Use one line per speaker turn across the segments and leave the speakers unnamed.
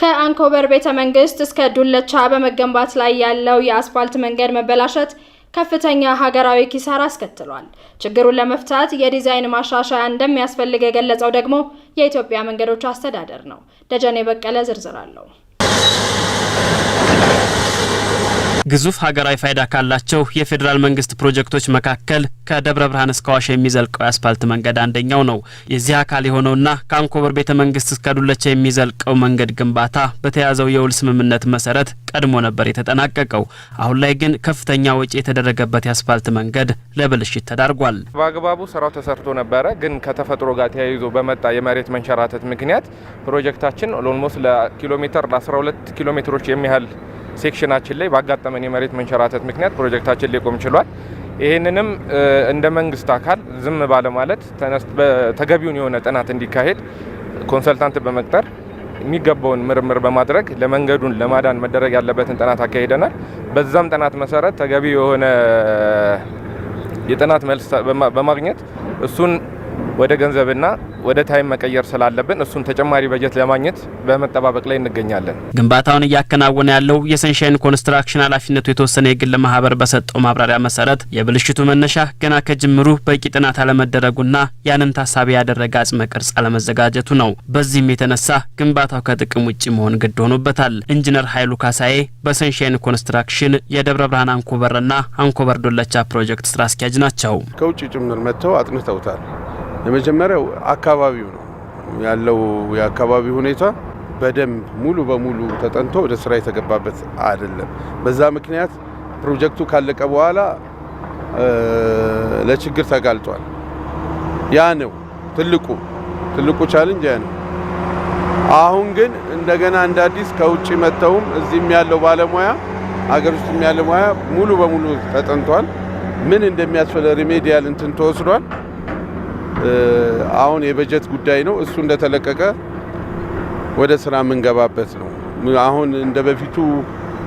ከአንኮበር ቤተ መንግስት እስከ ዱለቻ በመገንባት ላይ ያለው የአስፋልት መንገድ መበላሸት ከፍተኛ ሀገራዊ ኪሳራ አስከትሏል። ችግሩን ለመፍታት የዲዛይን ማሻሻያ እንደሚያስፈልግ የገለጸው ደግሞ የኢትዮጵያ መንገዶች አስተዳደር ነው። ደጀኔ በቀለ ዝርዝር አለው።
ግዙፍ ሀገራዊ ፋይዳ ካላቸው የፌዴራል መንግስት ፕሮጀክቶች መካከል ከደብረ ብርሃን እስከ ዋሻ የሚዘልቀው የአስፓልት መንገድ አንደኛው ነው። የዚህ አካል የሆነውና ከአንኮበር ቤተ መንግስት እስከ ዱለቻ የሚዘልቀው መንገድ ግንባታ በተያዘው የውል ስምምነት መሰረት ቀድሞ ነበር የተጠናቀቀው። አሁን ላይ ግን ከፍተኛ ወጪ የተደረገበት የአስፓልት መንገድ ለብልሽት ተዳርጓል።
በአግባቡ ስራው ተሰርቶ ነበረ፣ ግን ከተፈጥሮ ጋር ተያይዞ በመጣ የመሬት መንሸራተት ምክንያት ፕሮጀክታችን ኦልሞስት ለኪሎ ሜትር ለ12 ኪሎ ሜትሮች የሚያህል ሴክሽናችን ላይ ባጋጠመን የመሬት መንሸራተት ምክንያት ፕሮጀክታችን ሊቆም ችሏል። ይህንንም እንደ መንግስት አካል ዝም ባለማለት ተገቢውን የሆነ ጥናት እንዲካሄድ ኮንሰልታንት በመቅጠር የሚገባውን ምርምር በማድረግ ለመንገዱን ለማዳን መደረግ ያለበትን ጥናት አካሂደናል። በዛም ጥናት መሰረት ተገቢ የሆነ የጥናት መልስ በማግኘት እሱን ወደ ገንዘብና ወደ ታይም መቀየር ስላለብን እሱን ተጨማሪ በጀት ለማግኘት በመጠባበቅ ላይ እንገኛለን።
ግንባታውን እያከናወነ ያለው የሰንሻይን ኮንስትራክሽን ኃላፊነቱ የተወሰነ የግል ማህበር በሰጠው ማብራሪያ መሰረት የብልሽቱ መነሻ ገና ከጅምሩ በቂ ጥናት አለመደረጉና ያንን ታሳቢ ያደረገ አጽመ ቅርጽ አለመዘጋጀቱ ነው። በዚህም የተነሳ ግንባታው ከጥቅም ውጭ መሆን ግድ ሆኖበታል። ኢንጂነር ኃይሉ ካሳዬ በሰንሻይን ኮንስትራክሽን የደብረ ብርሃን አንኮበርና አንኮበር ዶለቻ ፕሮጀክት ስራ አስኪያጅ ናቸው።
ከውጭ ጭምር መጥተው አጥንተውታል። የመጀመሪያው አካባቢው ነው ያለው የአካባቢው ሁኔታ በደንብ ሙሉ በሙሉ ተጠንቶ ወደ ስራ የተገባበት አይደለም። በዛ ምክንያት ፕሮጀክቱ ካለቀ በኋላ ለችግር ተጋልጧል። ያ ነው ትልቁ ትልቁ ቻለንጅ ያ ነው። አሁን ግን እንደገና እንደ አዲስ ከውጭ መጥተውም እዚህም ያለው ባለሙያ አገር ውስጥም ያለው ባለሙያ ሙሉ በሙሉ ተጠንቷል። ምን እንደሚያስፈለ ሪሜዲያል እንትን ተወስዷል። አሁን የበጀት ጉዳይ ነው። እሱ እንደተለቀቀ ወደ ስራ የምንገባበት ነው። አሁን እንደ በፊቱ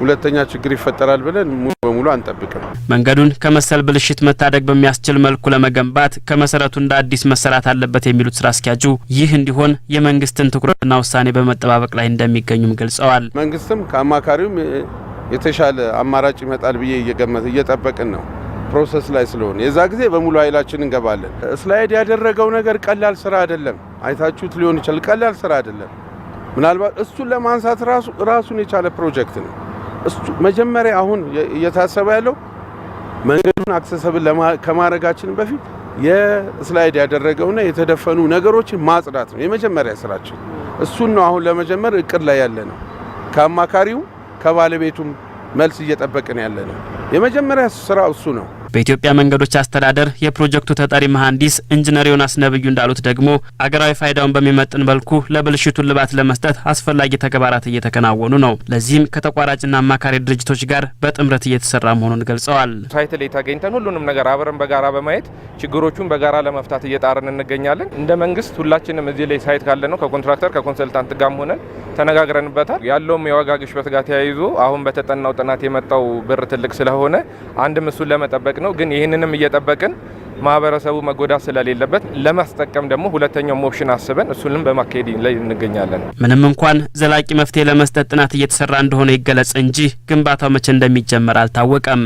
ሁለተኛ ችግር ይፈጠራል ብለን ሙሉ በሙሉ አንጠብቅም።
መንገዱን ከመሰል ብልሽት መታደግ በሚያስችል መልኩ ለመገንባት ከመሰረቱ እንደ አዲስ መሰራት አለበት የሚሉት ስራ አስኪያጁ፣ ይህ እንዲሆን የመንግስትን ትኩረትና ውሳኔ በመጠባበቅ ላይ እንደሚገኙም ገልጸዋል።
መንግስትም ከአማካሪውም የተሻለ አማራጭ ይመጣል ብዬ እየገመት እየጠበቅን ነው። ፕሮሰስ ላይ ስለሆነ የዛ ጊዜ በሙሉ ኃይላችን እንገባለን። ስላይድ ያደረገው ነገር ቀላል ስራ አይደለም። አይታችሁት ሊሆን ይችላል። ቀላል ስራ አይደለም። ምናልባት እሱን ለማንሳት ራሱን የቻለ ፕሮጀክት ነው። እሱ መጀመሪያ አሁን እየታሰበ ያለው መንገዱን አክሰሰብን ከማድረጋችን በፊት የስላይድ ያደረገውና የተደፈኑ ነገሮችን ማጽዳት ነው የመጀመሪያ ስራችን። እሱን ነው አሁን ለመጀመር እቅድ ላይ ያለ ነው። ከአማካሪው ከባለቤቱም መልስ እየጠበቅን ያለ ነው። የመጀመሪያ ስራ እሱ ነው።
በኢትዮጵያ መንገዶች አስተዳደር የፕሮጀክቱ ተጠሪ መሐንዲስ ኢንጂነር ዮናስ ነብዩ እንዳሉት ደግሞ አገራዊ ፋይዳውን በሚመጥን መልኩ ለብልሽቱ ልባት ለመስጠት አስፈላጊ ተግባራት እየተከናወኑ ነው። ለዚህም ከተቋራጭና አማካሪ ድርጅቶች ጋር በጥምረት እየተሰራ መሆኑን ገልጸዋል።
ሳይት ላይ ተገኝተን ሁሉንም ነገር አብረን በጋራ በማየት ችግሮቹን በጋራ ለመፍታት እየጣርን እንገኛለን። እንደ መንግስት ሁላችንም እዚህ ላይ ሳይት ካለ ነው ከኮንትራክተር ከኮንሰልታንት ጋርም ሆነን ተነጋግረንበታል። ያለውም የዋጋ ግሽበት ጋር ተያይዞ አሁን በተጠናው ጥናት የመጣው ብር ትልቅ ስለሆነ አንድም እሱን ለመጠበቅ ነው። ግን ይህንንም እየጠበቅን ማህበረሰቡ መጎዳት ስለሌለበት ለማስጠቀም ደግሞ ሁለተኛውም ኦፕሽን አስበን እሱንም በማካሄድ ላይ እንገኛለን።
ምንም እንኳን ዘላቂ መፍትሄ ለመስጠት ጥናት እየተሰራ እንደሆነ ይገለጽ እንጂ ግንባታው መቼ እንደሚጀመር አልታወቀም።